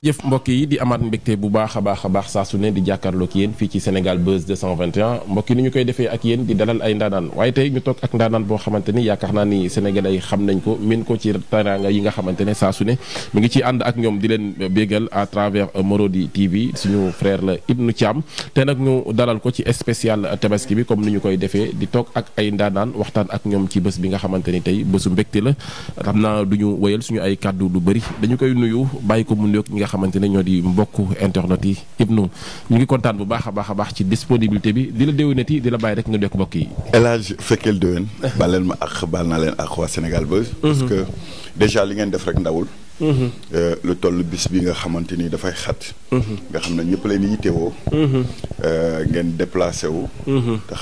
jëf mbokk yi di amaat mbégte bu baax a baax a baax saa su ne di jàkkaarloog yéen fii ci Sénégal Buzz 221 mbokk ñu koy defee ak yéen di dalal ay ndaanaan waaye tey ñu toog ak ndaanaan boo xamante ni yaakaar naa ni sénégalais yi xam nañ ko min ko ci teraanga yi nga xamante ne saa su ne mu ngi ciy ànd ak ñoom di leen bégal à travers Morodi TV suñu frère la Ibnou Thiam te nag ñu dalal ko ci spécial tabaski bi comme ni ñu koy defee di toog ak ay ndaanaan waxtaan ak ñoom ci bés bi nga xamante ni tey bésu mbégte la xam naa du ñu wëyal suñu ay kàddu lu bëri dañu koy nuyu bàyyi xamante ne ñoo di mbokku internet yi Ibnu ñu ngi kontaan bu baax a baax a baax ci disponibilité bi dina la déwénati di la bàyyi rek nga dekk mbokk yi. El Hadj fekkeel déwén. baal leen ma ak baal naa leen ak waa Sénégal ba. parce mhm. que déjà li ngeen def rek ndawul. Euh, lu toll bis bi nga xamante ni dafay xat. nga xam ne ñëpp leen yittewoo. Euh, ngeen déplacé wu.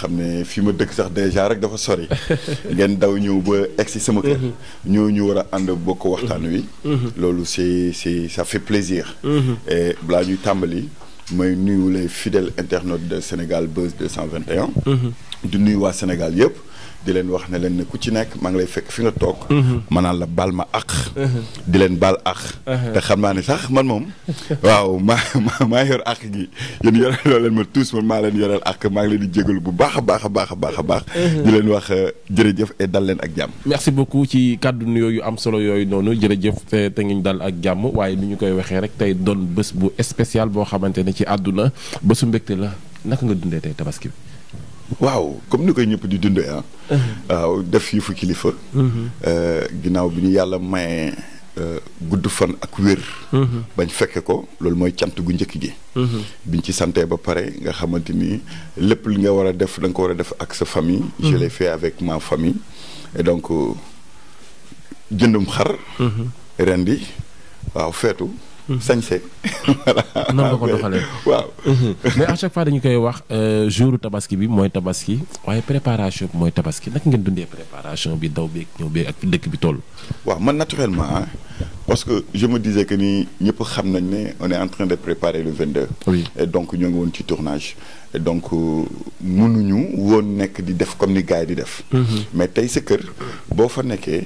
xam ne fi ma dëkk sax déjà rek dafa sori. ngeen daw ñëw ba egg si sama kër. Mhm. ñoo ñu war a ànd bokk waxtaan wi. Mhm. loolu c'est c'est ça fait plaisir. Mhm. balaa ñuy tàmbali may nuyu les fidèles internautes de Sénégal Buzz 221. di nuyu waa Sénégal yëpp di leen wax ne leen ne ku ci nekk maa ngi lay fekk fi nga toog. Mhm. manaan la baal ma àq. Mhm. di leen baal àq. Mhm. te xam naa ne sax man moom. waaw maa maa yor àq gi yéen yore loo leen ma tous man maa leen yoreel àq maa ngi leen di jégalu bu baax a baax a baax a baax a baax. di leen wax euh, jërëjëf et dal leen ak jàmm. merci beaucoup ci kàddun yooyu am solo yooyu noonu jërëjëf te ngi dal ak jàmm waaye ni ñu koy waxee rek tey doon bés bu spécial boo xamante ne ci àdduna bésu mbégte la naka nga dundee tey tabaski waaw comme ni koy ñëpp di dundee ah. Uh-huh. waaw def yëfu kilifa. Uh-huh. Uh, ginnaaw bi ñu yàlla maye uh, gudd fan ak wér. Uh-huh. bañ fekke ko loolu mooy cant gu njëkk gi. biñ ci santee ba pare nga xamante ni lépp li nga war a def da ko war a def ak sa famille. je l'ai fait avec ma famille. et donc uh, jëndum xar. rendi waaw feetu. sañse voilà nan nga ko doxalee waaw mais à chaque fois dañu koy wax euh, jour tabaski bi mooy tabaski waaye préparation bi mooy tabaski naka ngeen dundee préparation bi daw bi ñëw beeg ak dëkk bi tool waaw man naturellement parce que je me disais que nii ñëpp xam nañ ne on est en de préparer le 22 oui et donc ñoo ngi woon ci tournage et donc euh, mënuñu woon nekk di def comme ni gars yi di def mhm. mais tey sa kër boo fa nekkee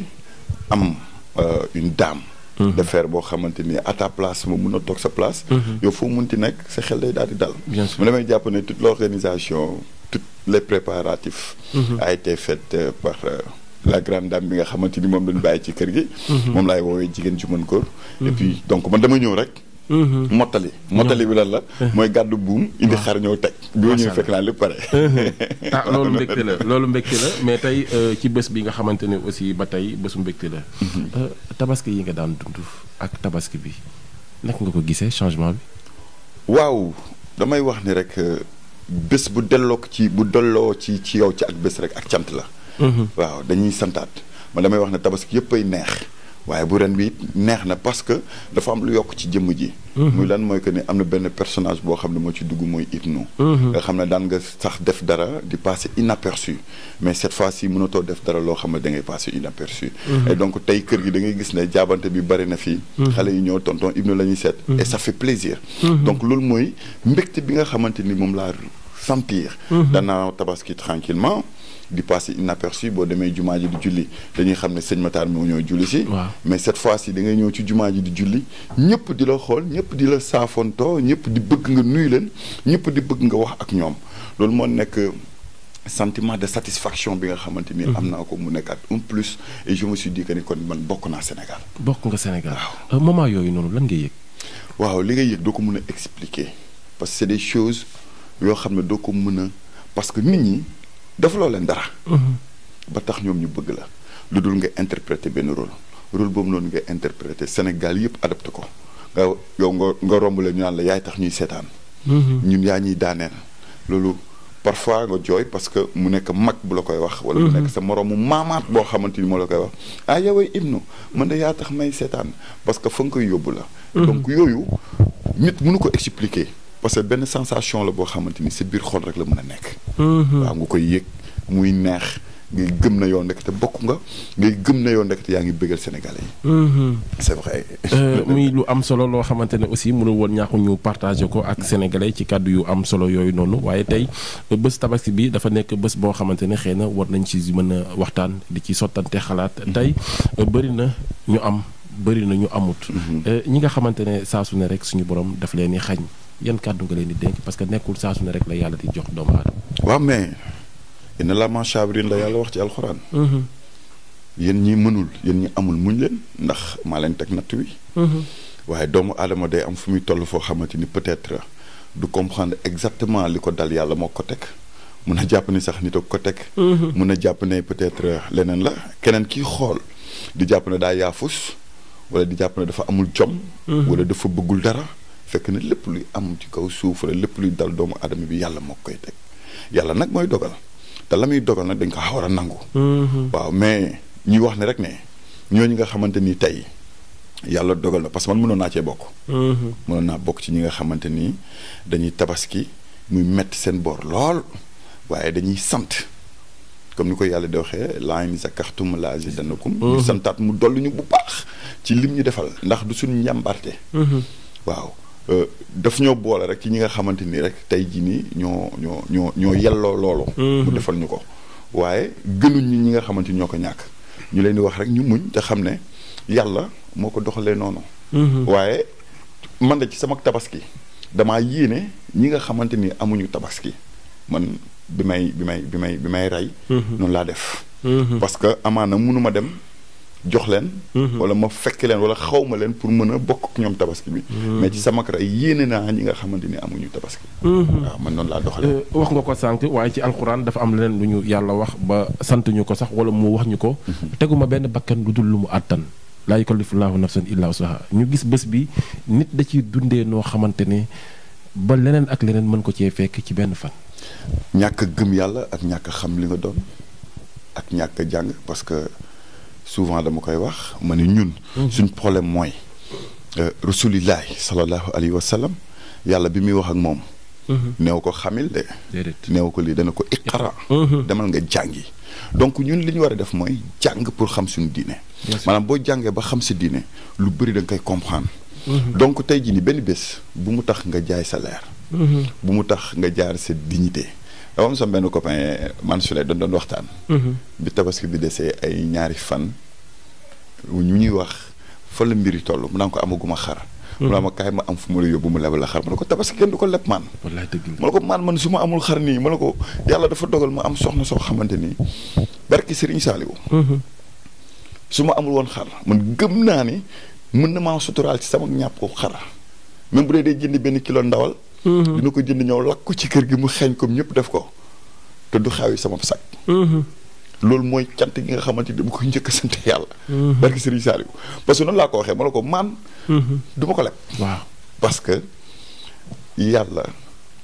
am euh, une dame Mhm. de faire boo xamante ni à ta place ma mun a toog sa place. Mhm. yow foo munti nekk sa xel day dal. mu damay jàpp ne toute l'organisation toutes les préparatifs. Mhm. a été faite euh, par. Euh, la grande dame bi nga xamante ni moom lañ bàyyi ci kër gi. moom laay woowee jigéen ci mën góor. et puis donc man dama ñëw rek. mottali mottali bi lan la. Eh. mooy gàddu buum indi xar ñëw teg. bi ma ñëwee fekk naa lépp pare. ah loolu mbégte la loolu mbégte la mais tey euh, ci bés bi nga xamante ne aussi ba tey bésu mbégte la. Mhm. Euh, tabaski yi nga daan dund ak tabaski bi naka nga ko gisee changement bi. waaw damay wax ni rek euh, bés bu delloo ci bu delloo ci ci yow ci ak bés rek ak cant la. Mhm. waaw dañuy santaat man damay wax ne tabaski yëpp ay neex. waaye bu ren bi neex na parce que dafa am lu yokk ci jëmm ji. Mhm. muy lan mooy que ni am na benn personnage boo xam ne moo ci dugg mooy Ibnou. Mhm. nga xam ne daan nga sax def dara di passer inaperçu mais cette fois si mënatoo def dara loo xam ne da ngay passer inaperçu. Mhm. et donc tey kër gi da ngay gis ne jaabante bi bari na fii. xale yi ñëw tonton Ibnou la ñuy seet. et ça fait plaisir. donc loolu mooy mbégte bi nga xamante ni moom laa sampir. danaa tabaski tranquillement di passer inaperçu boo demee jumaa ji di julli dañuy xam ne sëñ Matar moo ñëw julli si mais cette fois ci da ngay ñëw ci jumaa ji di julli ñëpp di la xool ñëpp di la saafontoo ñëpp di bëgg nga nuyu leen ñëpp di bëgg nga wax ak ñoom loolu moo nekk sentiment de satisfaction bi nga xamante ni. Mhm. am naa ko mu nekkaat un plus et je me ko ni kon man bokk naa Sénégal. bokk nga Sénégal waaw euh, moment yooyu noonu lan nga yëg. waaw li nga yëg doo ko mën a expliquer parce que c'est des yoo xam ne doo ko mën parce que nit ñi. defuloo leen dara. Mhm. ba tax ñoom ñu bëgg la lu dul nga interpréter benn rôle rôle boobu noonu nga interpréter Sénégal yëpp adopté ko nga yow nga romb la ñu naan la yaay tax ñuy seetaan. Mhm. ñun yaa ñuy daaneel loolu. parfois nga jooy parce que mu nekk mag bu la koy wax. wala mu mhm. nekk sa moroomu maamaat boo xamante ni moo la koy wax ah yow ay ibnu man de yaa tax may seetaan parce que fa nga koy yóbbu la. donc yooyu nit mënu ko expliquer. parce que benn sensation la boo xamante ni sa biir xool rek la mën a nekk. Mhm. waaw nga koy yëg muy neex. ngay gëm na yoon te bokk nga ngay gëm na yoon ndekete yaa ngi bëggal sénégalais yi. Mhm. Euh, muy lu am solo loo xamante ne aussi mënul woon ñaaxu ñu partagé ko ak sénégalais ci kàddu yu am solo yooyu noonu waaye tey bës tabaski bi dafa nekk bés boo xamante ne xëy na war nañ ci mën a waxtaan di ci sottante xalaat mhm. tey euh, bëri na ñu am bëri na ñu amut. Euh, ñi nga xamante ne saa su rek suñu borom daf leen di xañ. yan kàddu nga leen di dénk parce que nekkul saa su ne rek la yàlla di jox doomu aadama. waaw mais. inna la man saabiriin la yàlla wax ci alxuraan. Mhm. yéen ñi mënul yéen ñi amul muñ leen ndax maa leen teg natt wi. Mhm. waaye doomu aadama day am fu muy toll foo xamante ni peut du comprendre exactement li ko dal yàlla moo ko teg. mun a jàpp ni sax nit a ko teg. Mhm. mun a jàpp ne peut-être leneen la keneen kii xool di jàpp ne daa yaafus wala di jàpp ne dafa amul jom. fekk ne lépp luy am ci kaw suuf la lépp luy dal doomu aadama bi yàlla moo koy teg yàlla nag mooy dogal te la muy dogal nag dañ ko xawar a nangu. Mm-hmm. waaw mais ñuy wax ne rek ne ñooñu nga xamante ni tey yàlla dogal na parce que man mënoon naa cee bokk. Mm-hmm. mënoon naa bokk ci ñi nga xamante ni dañuy tabaski muy metti seen boor lool waaye dañuy sant. comme ni ko yàlla di waxee laa in zakartum laa zidanakum mm-hmm. ñu santaat mu dolli ñu bu baax ci lim ñu defal ndax du suñu njàmbarte waaw Euh, daf ñoo boole rek ci ñi nga xamante ni rek tey jii nii ñoo ñoo ñoo ñoo yelloo loolu. Mhm. mu defal ñu ko waaye gënuñ ñi nga xamante ni ñoo ko ñàkk. ñu leen di wax rek ñu muñ te xam ne yàlla moo ko doxalee noonu. Mhm. waaye man de ci sama tabaski damaa yéene ñi nga xamante ni amuñu tabaski man bi may bi may bi may bi may rey. Mhm. noonu laa def. parce que amaana mënuma dem. jox leen. Mhm. wala ma fekk leen wala xaw ma leen pour mën a bokk ñoom tabaski bi. Mhm. mais ci sama kër yéene naa ñi nga xamante ni amuñu tabaski. Mhm. waaw man noonu laa doxalee. Euh, wax nga ko sànq waaye ci alxuraan dafa am leneen lu ñu yàlla wax ba sant ñu ko sax wala mu wax ñu ko. teguma benn bakkan lu dul lu mu àttan. laa yukallifu llaahu nafsan illaa wusaha ñu gis bés bi nit da ciy dundee noo xamante ne ba leneen ak leneen mën ko cee fekk ci benn fan. ñàkk gëm yàlla ak ñàkk xam li nga doon ak ñàkk jàng parce que. souvent dama koy wax ma ne ñun. Mm-hmm. suñ problème mooy. Euh, rasulillahi sallallahu alayhi wa sallam yàlla bi muy wax ak moom. Mm-hmm. neew ko xamil de. neew ko lii dana ko iqara. Mm-hmm. demal nga jàngi. donc ñun li ñu war a def mooy jàng pour xam suñu diine. maanaam boo jàngee ba xam sa diine lu bëri da koy comprendre. donc tey jii ni benn bés bu mu tax nga jaay sa leer. bu mu tax nga jaar sa dignité. dafa eh, am sama benn copain man su lay doon doon waxtaan. Mhm. bi tabaski bi desee ay ñaari fan. ñu ñuy wax fa la mbir yi toll mu ko amaguma xar. mu naan mhm. kaay ma am fu mu la mu lebal la xar ma ne ko tabaski kenn du ko leb maan. wallaay dëgg ma ne ko maan man su ma amul xar nii ma ne ko yàlla dafa dogal ma am soxna soo xamante nii barki Serigne Saliou. Mhm. su ma amul woon xar man gëm naa ni mën na maa suturaal ci sama ñàpp ko xar même bu dee dee jënd benn kilo ndawal. Mm-hmm. dina ko jënd ñëw lakk ko ci kër gi mu xeeñ comme ñëpp def ko te du xaawi sama sac mm-hmm. loolu mooy cant gi nga xamante ni dama koy njëkk a sant yàlla mm-hmm. barki sëriñ Saliou parce que noonu laa ko waxee ma la ko maan du ma ko leb waaw parce que yàlla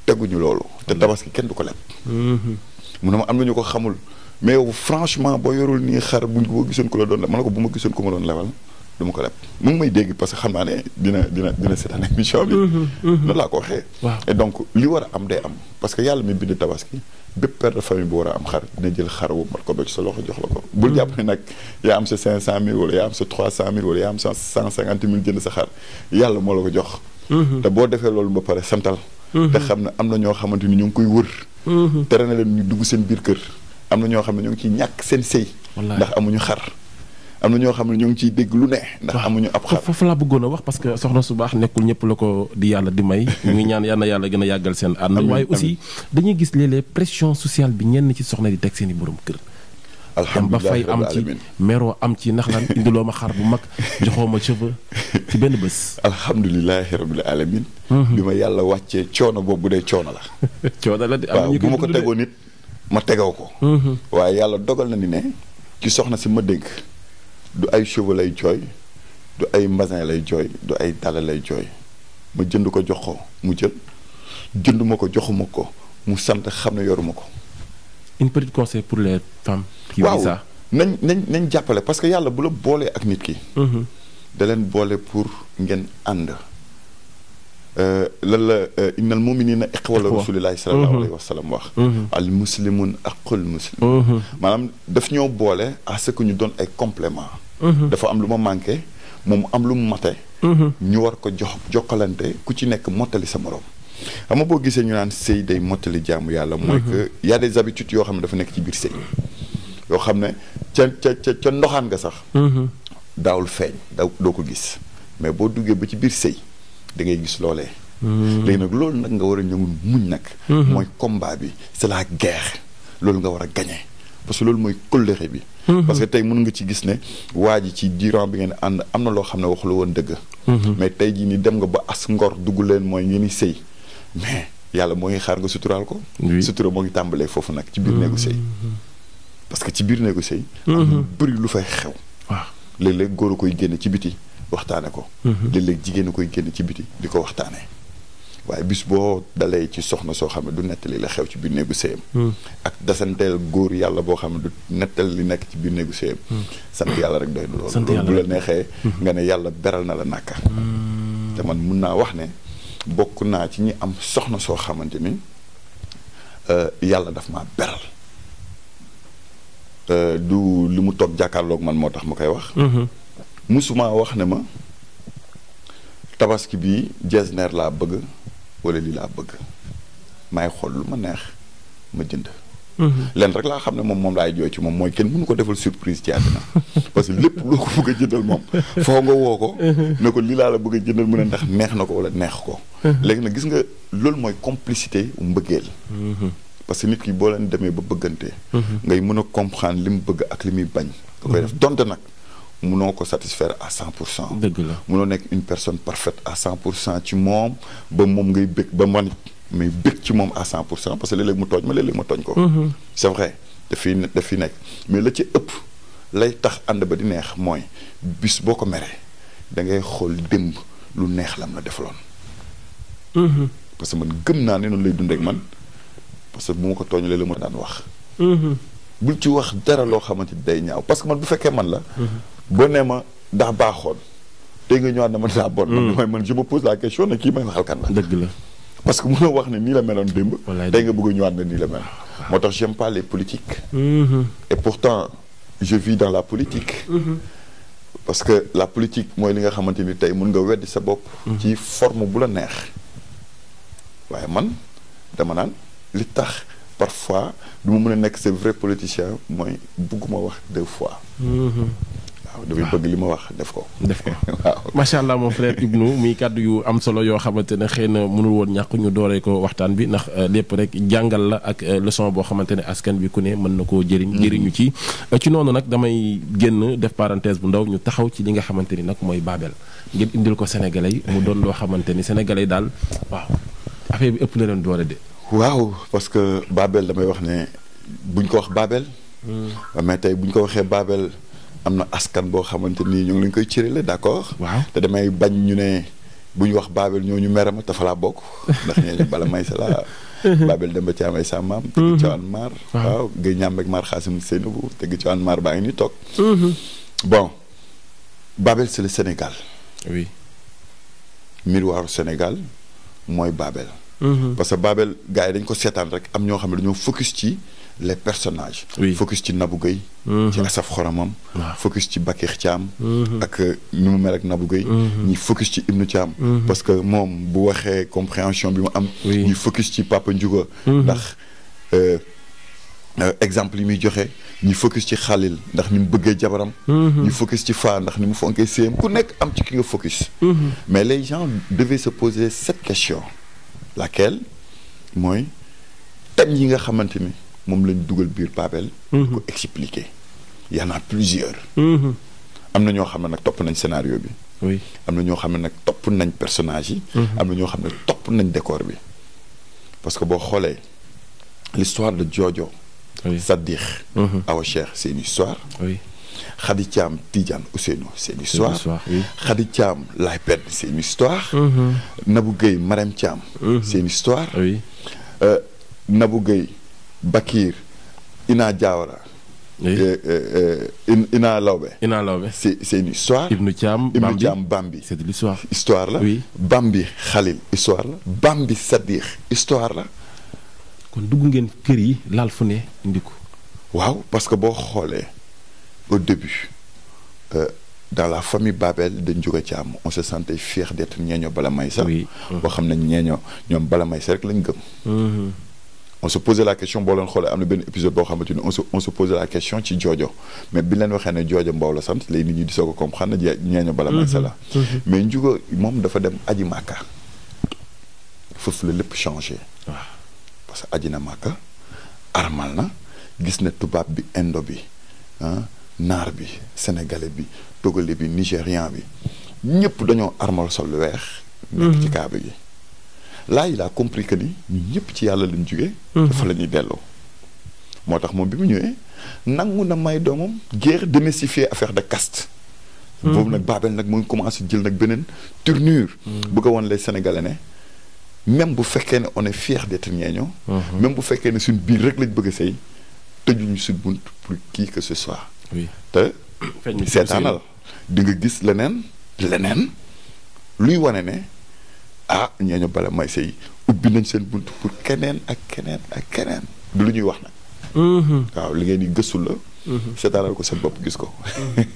teguñu loolu te tabaski kenn du ko leb mu a ma am na ñu ko xamul mais yow franchement boo yorul nii xar buñ ko gisoon ko la doon la ma ne ko bu ma gisoon ko ma doon lewal du ma ko leb mu ngi may dégg parce que xam naa ne dina dina dina bi. Mhm, mhm. noonu laa ko waxee. et donc li war a am day am parce que yàlla mi bind tabaski bépp père de famille bu war a am xar dina jël xar wu mat ko ba ci sa loxo jox la ko. bul jàpp ne nag yaa am sa 500000 wala yaa am sa 300000 wala yaa jënd sa xar yàlla moo la ko jox. Mhm. te boo defee loolu ba pare santal. te xam ne am na ñoo xamante ni ñu ngi koy wër. tere na leen ñu dugg seen biir kër am na ñoo xam ne ñu ngi ciy ñàkk seen sëy. am na ñoo xam ne ñoo ngi ciy dégg lu ne. ndax amuñu ab xar foofu laa bëggoon a wax parce que soxna su baax nekkul ñëpp la ko di yàlla di may. ñu ngi ñaan yal na yàlla gën a yàggal seen ànd. waaye aussi dañuy gis léeg-léeg pression sociale bi ñenn ci soxna di teg seen i borom kër. alhamdulilah ba fay am ci meroo am ci ndax lan indiloo ma xar bu mag joxoo ma cheveux ci benn bés. alhamdulilah rabbil alamin mhm. bi ma yàlla wàccee coono boobu bu dee coono la. coono la di am ñu bu ma ko tegoon nit ma tegaw ko. Mhm. waaye yàlla dogal na ni ne ci soxna si ma dégg du ay cheveux lay jooy du ay mbasin lay jooy du ay dàll lay jooy ma jënd ko jox ko mu jël jënduma ko joxuma ko mu sant xam ne yoruma ko. une petite conseil pour les femmes. qui waaw nañ nañ nañ jàppale parce que yàlla bu la boolee ak nit ki. Mhm. daleen leen boole pour ngeen ànd. Euh, lan la euh, innal muminina iqwa la rasulillahi sallallahu mhm. alayhi wa sallam wax mhm. al muslimun aqul muslim mhm. maanaam daf ñoo boole à ñu doon ay complement dafa am lu ma manqué moom am lu mu mate ñu war ko jox jokkalante ku ci nekk mottali sa morom xam nga boo gisee ñu naan sëy day mottali jàmm yàlla mooy que y a yoo xam ne dafa nekk ci biir sëy yoo xam ne ca ca ca ca ndoxaan nga sax daawul feeñ daaw doo ko gis mais boo duggee ba ci biir sëy da ngay gis loole mm-hmm. léegi nag loolu nag nga war a ñëwul muñ nag. Mm-hmm. mooy combat bi c'est la geex loolu nga war a gagner parce que loolu mooy colère bi. Mm-hmm. parce que tey mën nga ci gis ne waa ji ci durant bi ne ànd am na loo xam ne waxu woon dëgg. mais tey jii ni dem nga ba as ngor dugg leen mooy ñu ni sëy mais yàlla moo ngi xaar nga suturaal ko. sutura moo ngi tàmbalee foofu nag ci biir néegu sëy parce que ci biir néegu sëy. am bëri lu fay xew. waaw léeg-léeg góor a koy ci biti. waxtaane ko mhm. léeg-léeg jigéen koy génn ci biti di ko waxtaanee waaye bis boo dalee ci soxna soo xamante ne du nettali la xew ci biir néegu séyam hmm. ak dasanteel góor yàlla boo xam ne du nettali li nekk ci biir néegu séyam hmm. yàlla rek doy na loolu loolu bu la neexee hmm. nga ne yàlla beral na la nàkka te man mun naa wax ne bokk naa ci ñi am soxna soo xamante ni euh, yàlla daf maa beral euh, du li mu toog jàkkaarloog man moo tax ma koy wax musuma wax ne ma tabaski bi jesner laa bëgg wala lii laa bëgg may xool lu ma neex ma jënd mhm. lenn rek laa xam ne moom moom laay jooy ci moom mooy kenn mënu ko defal surprise ci àddina parce que lépp loo ko bëgg a jëndal moom foo nga woo ko mhm. ne ko lii laa la bëgg a jëndal mu ne ndax neex na ko wala neex ko mhm. léegi nag gis nga loolu mooy complicité mbëggeel parce que nit ki boo leen demee ba bëggante ngay mën a comprendre li mu bëgg ak li muy bañ nga koy def munoo ko satisfaire à cent pour cent dëgg la munoo nekk une personne parfaite à cent pour cent ci moom ba moom ngay bëgg ci moom à cent pour cent parce que léeg-léeg mu tooñ ma léeg-léeg ma tooñ ko mhm. c'est vrai dafiy dafiy la ci ëpp lay tax ànd ba di neex mooy bis boo ko meree da ngay xool démb lu neex lam la defaloon mhm. parce que man gëm naa ne noonu lay dund ak man parce que bu ma ko tooñ léeg-léeg ma daan wax mhm. bul ci wax dara loo xamante ni day ñaaw parce que man bu fekkee man la. boo nee ma daa baaxoon. tey nga ñëwaat ne ma daa bon. Mm. mooy man je me pose la question ne kii may waxal kan la. dëgg la parce que mënoo wax ne nii la meloon démb. tey nga bëgg a ñëwaat ne nii la mel. Ah. moo tax j'aime pas les mm-hmm. et pourtant je vis dans la politique. Mm-hmm. parce que la politique mooy li nga xamante ni tey mun nga weddi sa bopp. Mm-hmm. ci forme bu la neex. waaye man dama naan li tax. parfois du ma mën a nekk c'est vrai politicien mooy bugguma wax deux fois. Mhm. waaw dafay bëgg li ma wax def ko. def ko waaw macha allah mon frère Ibnou muy kàddu yu am solo yoo xamante ne xëy na mënul woon ñàkk ñu dooree ko waxtaan bi ndax euh, lépp rek jàngal la ak euh, leçon boo xamante ne askan bi ku ne mën na koo jëriñ. Mhm. jëriñu ci euh, ci noonu nag damay génn def parenthèse bu ndaw ñu taxaw ci li nga xamante ni nag mooy Babel ngeen indil ko Sénégalais mu doon loo xamante ni Sénégalais daal waaw affaire bi ëpp na leen doole de. waaw parce que Babel damay wax ne buñ ko wax Babel. Hmm. mais tey buñ ko waxee Babel am na askan boo xamante ni ñu ngi leen koy cëralee d' accord. waaw te damay bañ ñu ne bu buñ wax Babel ñoo ñu merama te fa laa bokk ndax ñooñu bala may sa laa. Babel Demba Thiam ay sa maam. tëgg hmm. Thiawane Mar. waaw Guèye Mar Xaasim Seynabou tëgg Thiawane Mar baa ngi nii toog. Hmm. bon Babel c' est Sénégal. oui. miroiru Sénégal mooy Babel. Mhm. parce que Baabel gars yi dañ ko seetaan rek am ñoo xam ne dañoo focus ci les personnages. oui focus ci Nabou Gueye. Mhm. ci Asaf Xoromam. focus ci Bakir am mhm. ak ñu euh, mu mel ak Nabou Gueye. ñi focus ci Ibnu Thiam. parce que moom bu waxee compréhension bi mu am. ñi ci Papa Ndiouga. ndax euh, euh, exemple yi muy joxe ñi focus ci Xalil ndax ni mu bëggee jabaram. ñi focus ci Fa ndax ni mu fonkee séem ku nekk am ci ki nga focus. mais les gens devaient se poser cette question. laquelle mooy thèmes yi nga xamante ni moom lañ dugal biir Babel. ko mhm. expliquer. y en plusieurs. Mhm. am na ñoo xam ne nag topp nañ scénario bi. am na ñoo xam ne nag topp nañ personnage yi. Mhm. am na ñoo xam ne topp nañ décor bi. parce que boo xoolee l'histoire de Jojo. oui Sadikh. Awa Cheikh c'est une histoire. Khady Thiam Tidiane Ousseynou c'est une histoire Khady Thiam Laye Pène c'est une histoire mhm. Nabou Gueye Marème Thiam c'est mhm. une histoire euh, Nabou Gueye Bakir Ina Diawara euh, euh, Ina Lawbe Ina Lawbe c'est c'est une histoire Ibnou Thiam Ibnou Thiam Bambi c'est histoire la Bambi Khalil histoire histoire la kon dugg ngeen kër yi laal fu ne indi ko waaw parce que boo xoolee au début euh, dans la famille Babel de Ndiouga Thiam on se sentait fier d'être ñeeño bala may sax boo xam ne ñeeño ñoom bala may sax rek lañ gëm mhm. on se posait la question boo leen xoolee am na benn épisode boo xam ni on se on se posait la question mais bi leen waxee ne joojo mboow la sant léegi nit ñi di soog a comprendre na ñeeño bala may sax la mhm. Mhm. mais Ndiouga moom dafa dem aji màkka foofu la lépp changé waaw parce que aji na màkka armal na gis na tubaab bi indo bi ah naar bi sénégalais bi togolais bi nigérian bi ñëpp dañoo armal sol lu weex mhm. nekk ci kaaba gi laa il a compris que ni ñu ñëpp ci yàlla lañ jóge mhm. dafa la ñuy delloo moo tax moom bi mu ñëwee nangu na may doomam guerre démystifier affaire de caste mhm. boobu nag Babel nag mu ngi commencé jël nag beneen tournure bu ko woon les sénégalais ne même bu fekkee ne on est fier d'être ñeeñoo même bu fekkee ne suñ biir rek lañ bëgg a sëy tëjuñu suñ bunt pour kii que ce soit oui te. seetaanal di nga gis leneen leneen luy wane ne ah ñooñu bala may sey ubbi nañ seen bunt pour keneen ak keneen ak keneen du lu ñuy wax na mm-hmm. waaw li ngeen di gëstu la. Mm-hmm. seetaanal ko seen bopp gis ko. Mm-hmm.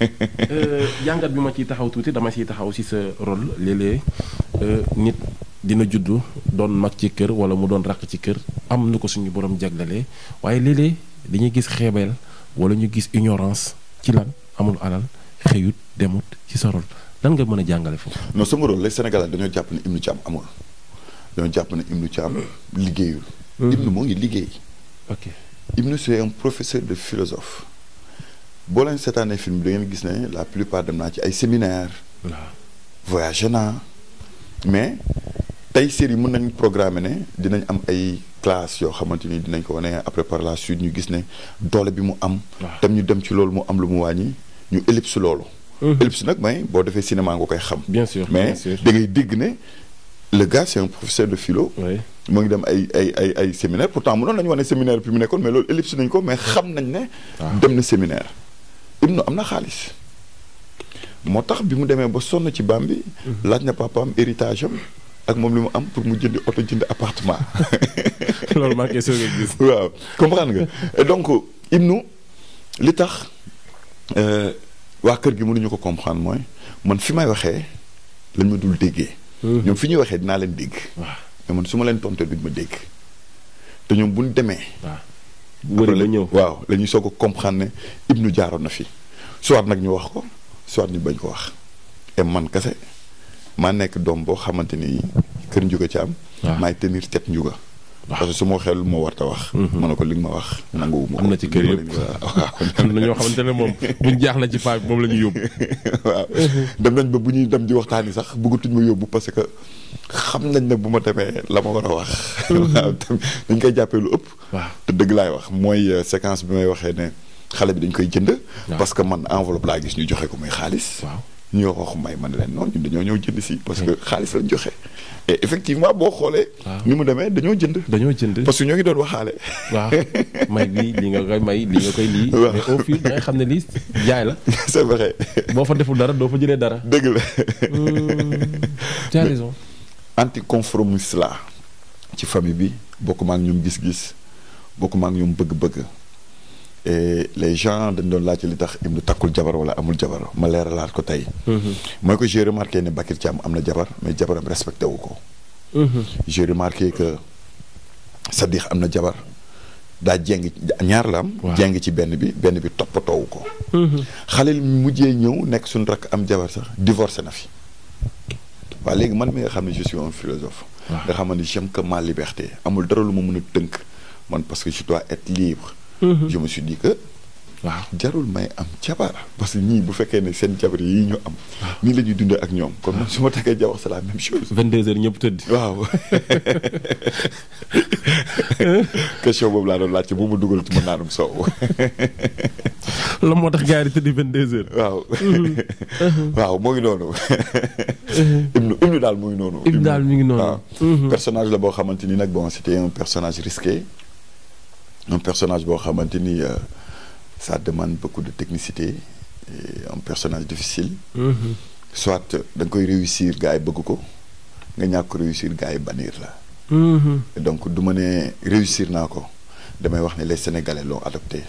Euh, jàngat bi ma ciy taxaw tuuti dama ciy taxaw si sa rôle léeg-léeg euh, nit dina juddu doon mag ci kër wala mu doon raq ci kër am nu ko suñu borom jaglalee waaye léeg-léeg dañuy gis xeebeel. wala ñu gis ignorance ci lan amul alal xëyut demut ci sa rôle lan nga mën a jàngale foofu. non sama rôle lay Sénégalais dañoo jàpp ne Ibnou Thiam amul dañoo jàpp ne ci Thiam liggéeyul. Hmm. Ibnou moo ngi liggéey. ok Ibnou c'est professeur de philosophe boo leen seetaanee film bi da ngeen gis ne la plupart dem naa ci ay séminaire voyagé naa mais tey série mën nañ programme ne dinañ am ay. classe yoo xamante ni dinañ ko wane après par la suite ñu gis ne doole bi mu am. tam ñu dem ci loolu mu am lu mu wàññi ñu ellipse loolu. ellipse nag may boo defee cinéma nga koy xam. bien sûr mais da dégg ne le gars c'est un professeur de philo. mu ngi dem ay ay ay ay séminaire pourtant mënoon nañu wane séminaire bi mu nekkoon mais loolu ellipse nañ ko mais xam nañ ne. Ah. dem na séminaire. Ibnu am na xaalis. moo tax bi mu demee ba sonn ci baam bi. laaj na papaam héritage am. ak moom li mu am pour mu jënd oto jënd appartement. loolu maa ngi koy soog a gis. waaw comprendre nga et donc Ibnou li tax euh, waa kër gi mënuñu ko comprendre mooy man fi may waxee lañ ma dul déggee. Hmm. ñoom fi ñuy waxee dinaa leen dégg. man su ma leen tontee duñ ma dégg te ñoom bu ñu demee. waaw wër la ñëw waaw la soog a comprendre ne Ibnou jaaroon na fi soit nag ñu wax ko soit ñu bañ ko wax et man kese. maa nekk doom boo xamante ni kër njuga ci am. Ah. maay tenir tête njuga. Ah. parce que su ma waxee lu ma war a wax. Mhm. ma ne ko li ma wax nanguwu ma ko. am na ci kër yëpp am na ñoo xamante ne moom buñ jaax na ci paa moom la ñu yóbbu. waaw dem nañ ba bu ñuy dem di waxtaani sax bëggatuñ ma yóbbu parce que xam nañ ne bu ma demee la ma war a wax. Mhm. waaw dañ koy jàppee lu ëpp. waaw te dëgg laay wax mooy euh, sequence bi may waxee ne xale bi dañ koy jënd. parce que man enveloppe laa gis ñu joxe ko muy xaalis. waaw ñu wax may man leen noonu ñun dañoo ñëw jënd si. parce que xaalis lañ joxe. effectivement boo xoolee. ni mu demee dañoo jënd. dañoo jënd parce que ñoo ngi doon waxaale. waaw may bi li nga koy may li nga koy lii. waaw mais au fil da nga xam ne lii jaay la. c'est vrai. boo fa deful dara doo fa jëlee dara. dëgg la. Euh, tu as raison. anticonformiste la ci famille bi bokkuma ak ñoom gis-gis bokkuma ak ñoom bëgg-bëgg. et les gens dañ doon laajte li tax Ibnu takkul jabar wala amul jabar ma leeralaat ko tey. Mhm. mooy que j'ai remarqué ne Bakir Thiam am na jabar mais jabaram respecté wu ko. Mhm. j'ai remarqué que Sadikh am na jabar daa jéng ñaar la am. jéng ci benn bi benn bi toppatoowu ko. Khalil mhm. mujjee ñëw nekk suñu rakk am jabar sax divorcé na fi. waa léegi man mi nga xam ne je suis un philosophe. nga xam ne j'aime que ma liberté amul dara lu ma mën a tënk man parce que je dois être libre. Mm-hmm. je me suis dit jarul may am jabar parce que ñii bu fekkee ne seen jabar yi ñu am nii la ñuy dundee ak ñoom kon man su ma takkee jabar c'est la même chose vingt-deux heures ñëpp tëdd waaw question boobu laa doon laajte bu ma dugal ci ma naanum soow la moo tax gars yi tëdd vingt-deux heures waaw mm-hmm. waaw moo ngi noonu mm-hmm. Ibnu Ibnu daal mooy ngi noonu Ibnu daal mu ngi noonu personnage la boo xamante ni nag bon c'était un personnage risqué un personnage boo xamante ni euh, ça demande beaucoup de technicité et un difficile. Mm-hmm. soit da koy réussir gars yi bëgg ko ñàkk réussir gars yi bannir la. Mm-hmm. donc du ma ne réussir naa ko damay wax ne les sénégalais l'ont adopté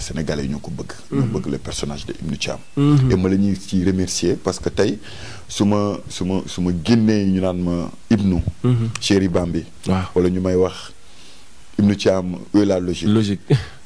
ñoo ko bëgg. Mm-hmm. bëgg le personnage de Ibnou Thiam. et ma ñuy ci remercier parce que tey su ma su ma su ma génnee ñu naan ma Ibnou. chéri Bambi. waaw wala ñu may wax. Ibnou Thiam am la logique. logique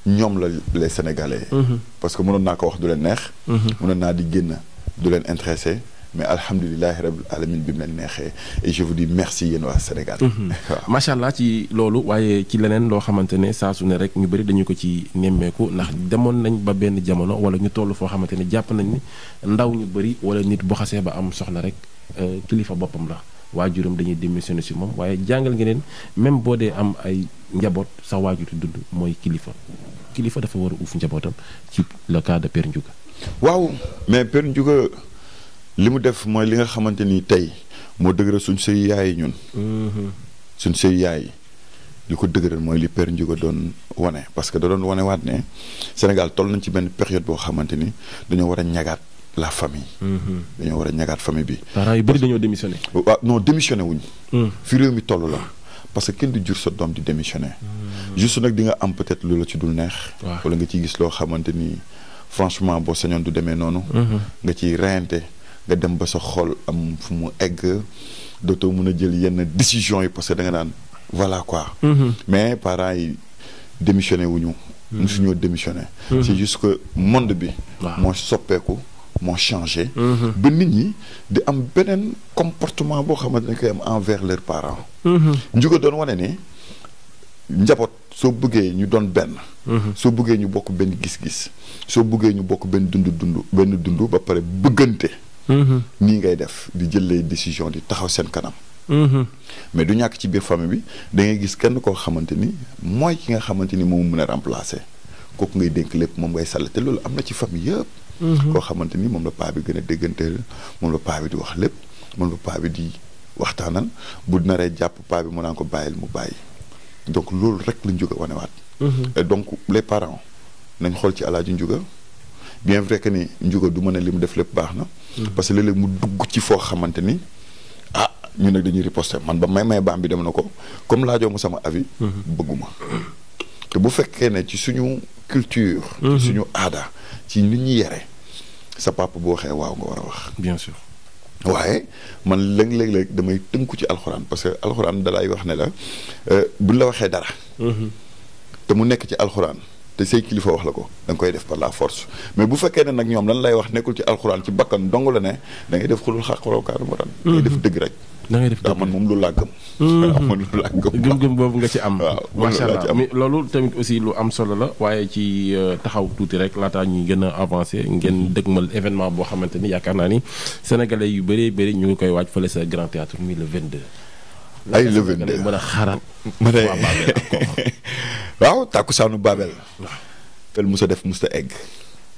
ñoom la les sénégalais. Mhm. parce que mënoon naa ko wax du leen neex. Mhm. mënoon naa di génn du leen intéressé. mais alhamdulilahi rabil alamin bi mu leen neexee et je merci yéen waa Sénégal. Mhm. waaw macha allah ci loolu waaye ci leneen loo xamante ne saa su ne rek ñu bëri dañu ko ci nemmeeku ndax demoon nañ ba benn jamono wala ñu toll foo xamante ne jàpp nañ ni ndaw ñu bëri wala nit bu xasee ba am soxna rek euh, kilifa boppam la. waajuram dañuy démissionné si moom waaye jàngal nga neen même boo dee am ay njaboot sa waajur dund mooy kilifa kilifa dafa war a uuf njabootam ci le cas de Père Ndiouga. waaw mais Père Ndiouga li mu def mooy li nga xamante ni tey moo dëgëral suñ sëy yaay ñun. Mm-hmm. suñ sëy yaay li ko dëgëral mooy li Père Ndiouga doon wane parce que da doon wane waat ne Sénégal toll nañ ci benn période boo xamante ni dañoo war a ñagaat. la famille. Mhm. dañoo war a ñagaat famille bi. parents yu bëri dañoo démissionné. waaw non démissionné wuñ. Mhm. fi mi toll la. parce que kenn du jur sa doom di démissionné. Mhm. juste nag di nga am peut-être lu la ci dul neex. wala nga ciy gis loo xamante ni franchement boo sañoon du demee noonu. nga ciy reyante nga dem ba sa xol am fu mu egg dootoo mën a jël yenn décision yi parce que da nga naan voilà quoi. mais parents yi démissionné wuñu. ñu suñoo démissionné. c'est juste bi. moo soppeeku. moo changé. Mm-hmm. ba nit ñi di am beneen comportement boo xamante ne koy am envers leurs parents. ñu mm-hmm. ko doon wane ne njaboot soo bëggee ñu doon benn. Mm-hmm. soo buggee ñu bokk benn gis-gis soo bëggee ñu bokk benn dund dund benn dund ba pare bëggante. nii ngay def di jël les décisions di taxaw seen kanam. mais du ñàkk ci biir famille bi da ngay gis kenn koo xamante ni mooy ki nga xamante ni moom mën a remplacer kooku ngay dénk lépp moom ngay sàll te loolu am na ci famille Mm-hmm. koo xamante ni moom la paa bi gën a dégganteel moom la paa bi di wax lépp moom la paa bi di waxtaanal bu naree jàpp paa bi mu naan ko bàyyil mu bàyyi donc loolu rek lañ jóg a wanewaat. Mm-hmm. donc les parents nañ xool ci alaaji njuga bien vrai que ni njuga du mën a li mu def lépp baax na. Mm-hmm. parce que léeg-léeg mu dugg ci foo xamante ni ah ñu nag dañuy riposter man ba may may baam bi dem na ko comme laajoo ma sama avis. bëgguma te bu fekkee ne ci suñu. culture. Mhm. ci suñu aada ci nit ñi yare sa papa boo waxee waaw nga war a wax. bien sûr waaye man léeg-léeg léeg damay tënku ci alxuraan parce que alxuraan dalay wax ne euh, bu buñ la waxee dara. Mhm. te mu nekk ci alxuraan. te say kilifa wax la ko da nga koy def par la force mais bu fekkee ne nag ñoom lan lay wax nekkul ci alxuraan ci bakkan dong la ne da ngay def xulul xaq waroo kaanu ngay mhm. def dëgg rek. da ngay def dëgg moom loolu laa gëm. waaw mhm. man laa gëm. gëm boobu nga ci am. waaw macha loolu tamit aussi lu am solo la. waaye ci euh, taxaw tuuti rek laataa ñuy gën a avancé ngeen mhm. dëgmal événement boo xamante ni yaakaar naa ni sénégalais yu bëree bëri ñu ngi koy waaj fële sa grand théâtre muy le 22. ay le 22 mën a xaaraat. mën a waaw tàkkusaanu Babel. waaw fel musa def musta egg.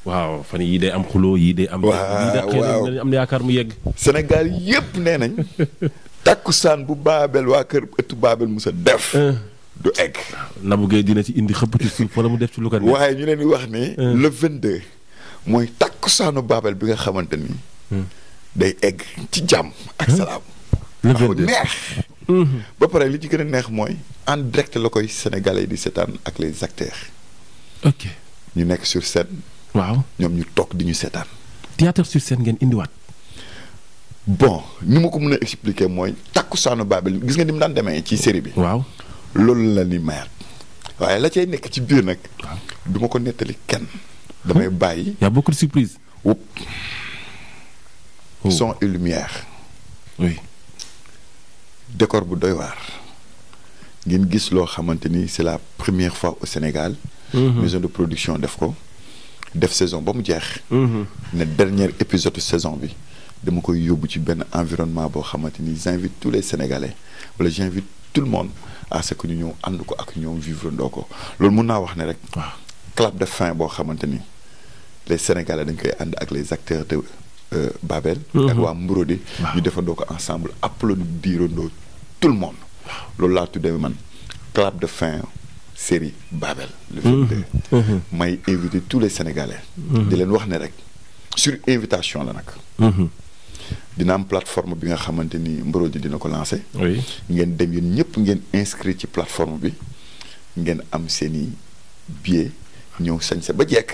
waaw fan yii day am xuloo yii day am. waaw yii am yaakaar mu yegg. senegal yëpp nee nañ. takkusaan bu baabel waa kër ëttu baabel musa def. Eh. du egg. Nabou Guèye dina ci indi xëpp ci suuf wala mu def ci lu ko waaye ñu leen di wax ni. Eh. le 22. mooy takkusaanu baabel bi nga xamante ni. Hmm. day egg ci jàmm ak hmm. salaam. neex. Hmm. ba pare li ci gën a neex mooy. en direct la koy sénégalais di seetaan ak les acteurs. ok ñu nekk sur scène. waaw ñoom ñu toog di ñu seetaan. théâtre sur scène ngeen indiwaat. bon ni ma ko mën a expliquer mooy takku takkusaanu Baabel gis nga ni mu daan demee ci série bi. waaw loolu la ni mayaat. waaye la cay nekk ci biir nag. waaw du ma ko nettali kenn. damay bàyyi. y a beaucoup de surprises. wupp oh. son et lumière. oui. décor bu doy waar. ngeen gis loo xamante ni c'est la première fois au Sénégal. Mm-hmm. maison de production def ko. def saison ba mu jeex. Mhm. ne dernier épisode saison bi dama koy yóbbu ci benn environnement boo xamante ni j'invite tous les sénégalais jun j'invite tout le monde à ce que ñu ñëw ànd ko ak ñoom vivre ndoo ko loolu mun naa wax ne rek. waaw clap de fin boo xamante ni les sénégalais dañ koy ànd ak les acteurs de euh, Babel. Mhm. ak waa Mburodi. ñu defandoo ko ensemble applaudirandoo tout le monde. loolu laa tuddee man clap de fin. série Babel. le 22. Mm-hmm. Mm-hmm. may invité tous les sénégalais. Mm-hmm. di leen wax ne rek sur invitation la nag. dina am plateforme bi nga xamante ni Marodi dina ko lancé. oui ngeen dem yéen ñëpp ngeen inscrit ci plateforme bi ngeen am seen i billets ñëw sañse ba jekk.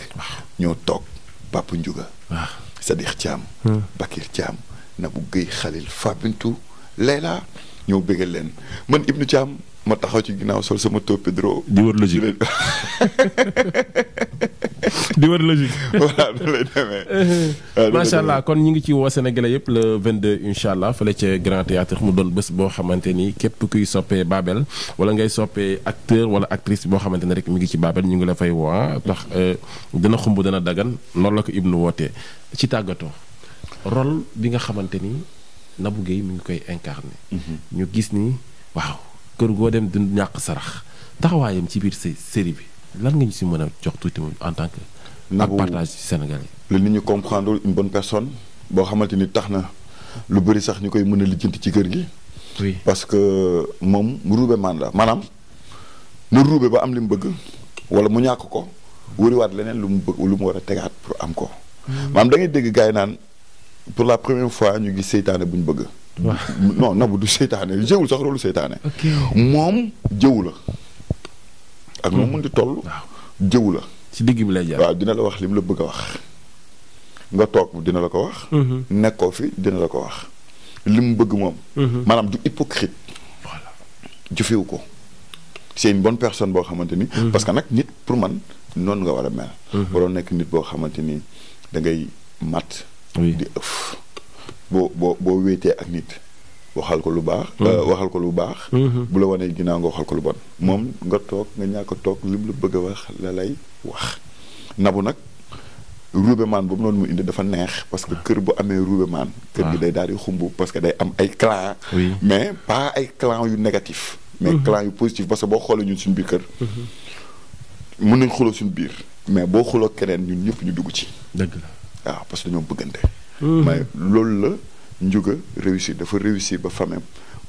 ñëw toog Papa Ndiouga. waaw Sadikh Thiam. Hmm. Bakir Thiam Nabou Guèye Khalil Fabintou Leila ñëw bëggal leen man Ibnu Thiam. ma taxaw ci ginnaaw sol sama taux Pedro. di wër logique di wër lay demee. macha allah kon ñu ngi ci woo Sénégalais yëpp vingt 22 incha allah fële ca Grand Théâtre mu doon bës boo xamante ni képp kuy soppee Babel wala ngay soppee acteur wala actrice boo xamante ne rek mi ngi ci Babel ñu ngi la fay woo tax ah, euh, dana xumb dana dagan noonu la ko Ibnu wootee ci tàggatoo rôle bi nga xamante ni Nabou Guèye mu ngi koy incarné. Mm-hmm. ñu gis ni waaw. kër goo dem du ñàkk sarax taxawaayam ci biir série bi lan nga ñu si mën a jox tuuti moom en tant que. ak partage ci Sénégal yi. lu nit ñu comprendre une bonne personne boo xamante ni tax na lu bëri sax ñu koy mën a lijjanti ci kër gi. oui parce que moom mu ruube man la maanaam mu ruube ba am li mu bëgg wala mu ñàkk ko wëriwaat leneen lu mu bëgg lu mu war a tegaat pour am ko. maanaam hmm. da ngay dégg gars yi naan pour la première fois ñu gis seytaane bu ñu bëgg. non nabu du seytaane jëwul sax rolu seytaane moom jëw la ak moom mën di toll jëw la ci digg bi lay jaar waaw dina la wax lim la bëgg a wax nga toog dina la ko wax mhm. nekkoo fi dina la ko wax li mu bëgg moom mhm. maanaam du hypocrite voilà ko c'est une bonne boo xamante ni mhm. parce que nag nit pour man noonu nga war a mel waroo nekk nit boo xamante ni da ngay mat di ëf boo boo boo wéetee ak nit waxal ko lu baax. Mm-hmm. Euh, waxal ko lu baax. Mm-hmm. bu la wanee ginnaaw nga waxal ko lu bon. moom nga toog nga ñàkk toog lim lu bëgg a wax la lay wax. nabu nag ruube maan boobu noonu mu indi dafa neex parce que kër bu amee ruube maan. kër gi ah. day daal di xumb parce que day am ay clans. mais pas ay clans yu negatif mais mm-hmm. clans yu positif parce que boo xoolee ñun suñu biir kër. mën nañ xuloo suñu biir. mais boo xuloo keneen ñun ñëpp ñu dugg ci. dëgg la waaw ah, parce que dañoo bëggante. Mm-hmm. mais loolu la njuga réussir dafa réussir ba famem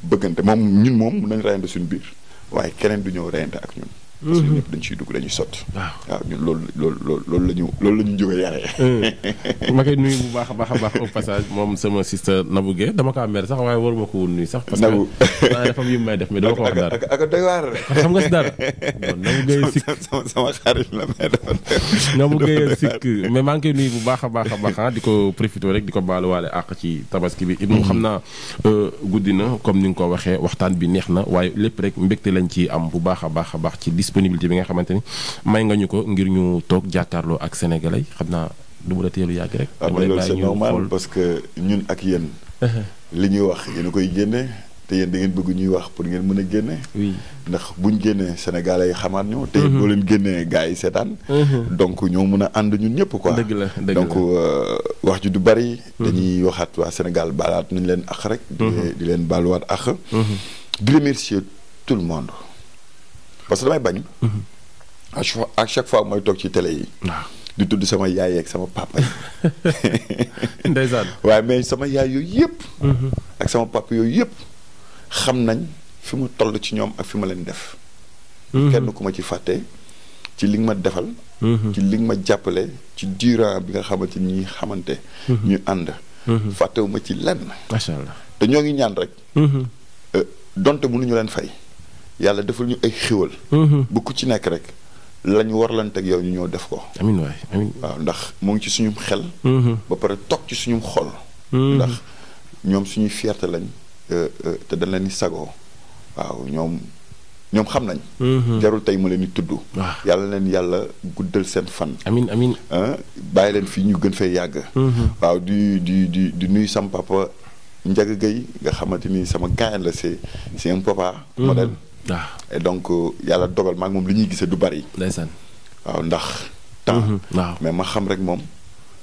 bëggante moom ñun moom nañ rayante suñu biir waaye keneen du ñëw rayante ak ñun parce que mhm. ñëpp ciy dugg dañuy sot waaw ñun loolu loolu loolu la ñu loolu la ñu jóge yaree. Mm. ma bu baax a baax a baax au moom sama sister Nabou Guèye dama ko mer sax waaye waruma ko woon nuyu sax. parce que dafa am yu may def mais dama ko wax dara. ak ak doy waar xam nga si dara. bon Nabou Guèye sikk sama sama xarit la mais dafa mais maa ngi koy nuyu bu baax a baax a baax ah, di ko profité rek di ko baaluwaale àq ci tabaski bi. it Ibnu mm. xam naa euh, guddi na comme ni nga ko waxee waxtaan bi neex na waaye lépp rek mbégte lañ ci am bu baax a baax a baax ci disponibilité bi nga xamante ni may nga ñu ko ngir ñu toog jàkkaarloo ak sénégalais xam naa du mu la teelu yàgg rek. ah normal parce que ñun ak yéen. li ñuy wax yéen a koy génne te yéen da ngeen bëgg ñuy wax pour ngeen mën a génne. oui ndax buñ génnee sénégalais yi xamaat ñu. te boo leen génnee gars yi seetaan. donc ñoo mën a ànd ñun ñëpp ko dëgg la dëgg la donc euh, wax ji du bari. dañuy waxaat waa Sénégal baalaat nañ leen ax rek. di leen baaluwaat ax. di remercier tout le monde. parce que damay bañ. à mhm. chaque à chaque fois mooy toog ci télé yi. di tudd sama yaay ak sama papa yi. waaye mais sama yaay yooyu yëpp. Mhm. ak sama papa yooyu yëpp xam nañ fi mu toll ci ñoom ak fi ma leen def. Mhm. kenn ku ma ci fàtte ci li nga ma defal. ci li ma jàppale ci durant bi nga xamante ni ñuy xamante. ñu ànd. fàttewuma ci lenn. macha te ñoo ngi ñaan rek. Euh, donte mënuñu leen fay. yàlla deful ñu ay xéwal. Mm-hmm. bu ci nekk rek la ñu warlante ak yow ñu ñëw def ko. amiin waay amiin waaw ndax moo ngi ci suñu xel. Mm-hmm. ba pare toog ci suñu xol. Mm-hmm. ndax ñoom suñuy fierté lañ euh, euh, te dañ leen di sago waaw ñoom ñoom xam nañ. jarul tey mu leen di tudd. yàlla leen yàlla guddal seen fan. amiin amiin bàyyi leen fii ñu gën fee yàgg. waaw di di di di nuyu sam papa Ndiaga nga xamante ni sama gaañ la c'est c'est un papa modèle. Ah. et donc euh, yàlla dogal maak moom li ñuy gisee du bari. ndeysaan waaw ndax. temps mhm. mais ma xam rek moom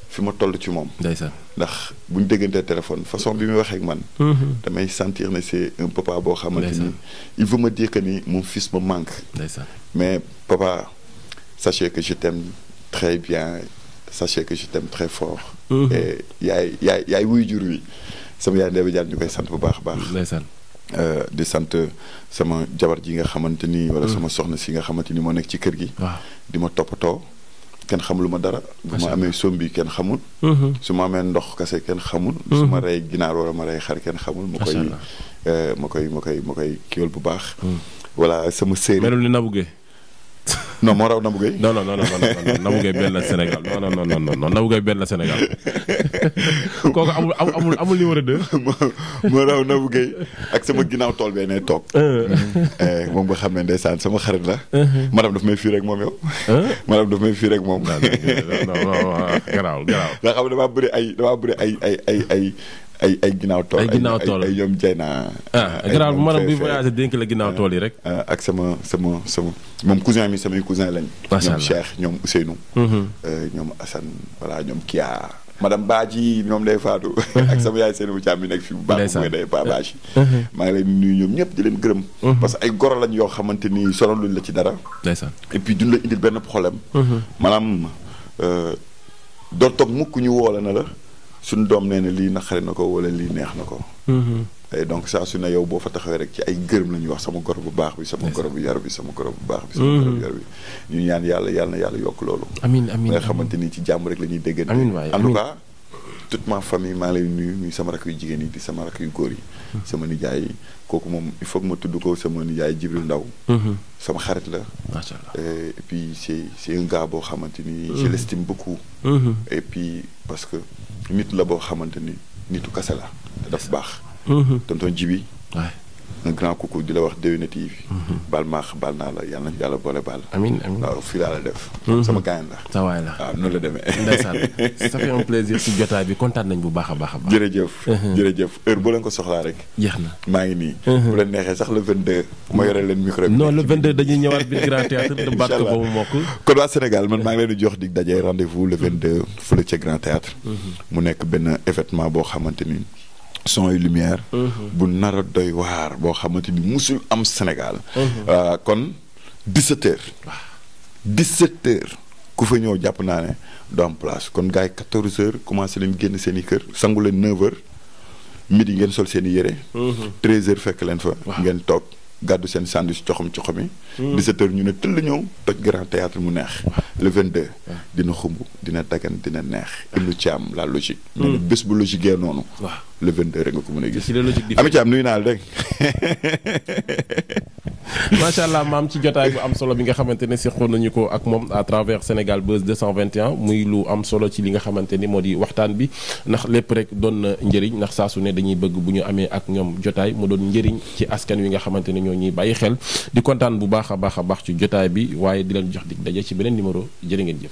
fi ma toll ci moom. ndeysaan ndax bu ñu déggantee téléphone façon bi muy waxee ak man. Mhm. damay sentir ne c'est un papa boo xamante ni. il veut me dire que ni mon fils me manque. ndeysaan mais papa sachez que je t'aime très bien. sachez que je t'aime très fort. Mhm. yaay yaay yaay wuy jur wi sama yaay Ndeye Badiane ñu koy sant bu baax a baax. Euh, di sant sama jabar ji nga xamante ni. wala mm. sama soxna si nga xamante ni moo nekk ci kër gi. di ma toppatoo. kenn xamul ma dara bu ma amee sombi kenn xamul mm-hmm. su ma amee ndox kase kenn xamul mm-hmm. su ma rey ginaar wala ma rey xar kenn xamul ma koy euh, ma koy ma koy ma koy kiwal bu baax mm. voilà sama séeréer melul ni Nabou Guèye non moo raw Nabou Gueye. non non non non Nabou Gueye benn benn Sénégal kooku amul amul amul numéro moo raw Nabou Gueye ak sama ginnaaw tool be ne toog. moom nga xam ne ndeysaan sama xarit la. madame daf may fii rek moom yow. madame daf may fii rek moom. non non non garaaw garaaw. ay damaa bëri ay ay. ay ay ginnaaw tool ay ginnaaw tool ay ñoom jay naa. ah ginnaaw ah, tool yi rek. Ah, ak sama sama sama moom cousin mi samay cousin lañ. macha allah ñoom Cheikh ñoom Ousseynou. Mm-hmm. Euh, ñoom Assane voilà ñoom Kia. madame Badji ñoom day faatu. Mm-hmm. ak sama yaay seen bu caam bi nekk fi bu baax. bu day Paa Badji. Mm-hmm. maa lay nuyu ñoom ñëpp di leen gërëm. parce que ay goro lañ yoo xamante ni sonal luñ la ci dara. ndeysaan et puis duñ la indil benn problème. maanaam euh, doo toog mukk ñu woo la na la. suñu doom nee na lii naqari na ko wala lii neex na ko. Mm-hmm. et donc saa su ne yow boo fa taxawee rek ci ay gërëm la ñuy wax sama goro bu baax bi sama goro bu yar bi sama goro bu baax bi sama goro bu mm-hmm. yar bi na yàlla ni ci jàmm rek la ñuy déggante. en tout cas toute ma famille maa lay sama rakk yu góor yi. Mm-hmm. sama nijaay kooku moom il faut ma tudd ko sama nijaay Jibril Ndaw sama xarit la. macha allah et puis c'est c'est un gars boo xamante ni. je l'estime beaucoup. parce que. nit la boo xamante ni nitu kase la te daf baax mhm. tonton jibi un grand coucou di la wax déwénati yi. Mhm. baal maax baal naa la yàlla na yàlla boole baal. amiin amiin waaw fii laa la def. Mhm. sama gaañ la. sa waay la waaw noonu la demee. ndeysaan ça fait plaisir si jotaay bi kontaan nañ bu baax a baax a baax. jërëjëf. Mhm. jërëjëf heure boo leen ko soxlaa rek. jeex na maa ngi nii. bu leen neexee sax le 22. ma yore leen micro bi. non le 22 dañuy ñëwaat biir grand théâtre de baat ko ba mu mokk. maa ngi di jox di daje rendez vous le 22 fële mu nekk benn événement boo xamante ni son et lumière. Mm-hmm. bu nar a doy waar boo xamante ni musul am Sénégal. Mm-hmm. Euh, kon 17h. waaw 17 ku fa ñëw jàpp naa ne doo am place kon gars yi 14 commencé leen génn seen i kër sangu leen 9h ngeen sol seen i yére. 13 mm-hmm. fekk leen fa. ngeen toog gàddu seen sandwich coxom coxom yi. 17h ñu ne tëll ñëw toj grand théâtre mu neex. le de dina xumb dina dagan dina neex. Ibou Thiam la logique. nee na bés bu logique noonu. le 22 rek nga ko ci am nuyu naa la dégg macha allah maam ci jotaay bu am solo bi nga xamante ne seqoon nañu ko ak moom à travers Sénégal Buzz 221 muy lu am solo ci li nga xamante ni moo di waxtaan bi ndax lépp rek doon na njëriñ ndax saa su ne dañuy bëgg bu ñu amee ak ñoom jotaay mu doon njëriñ ci askan wi nga xamante ne ñoo ñuy bàyyi xel di kontaan bu baax a baax baax ci jotaay bi waaye di leen jox dig daje ci beneen numéro jërë ngeen jëf.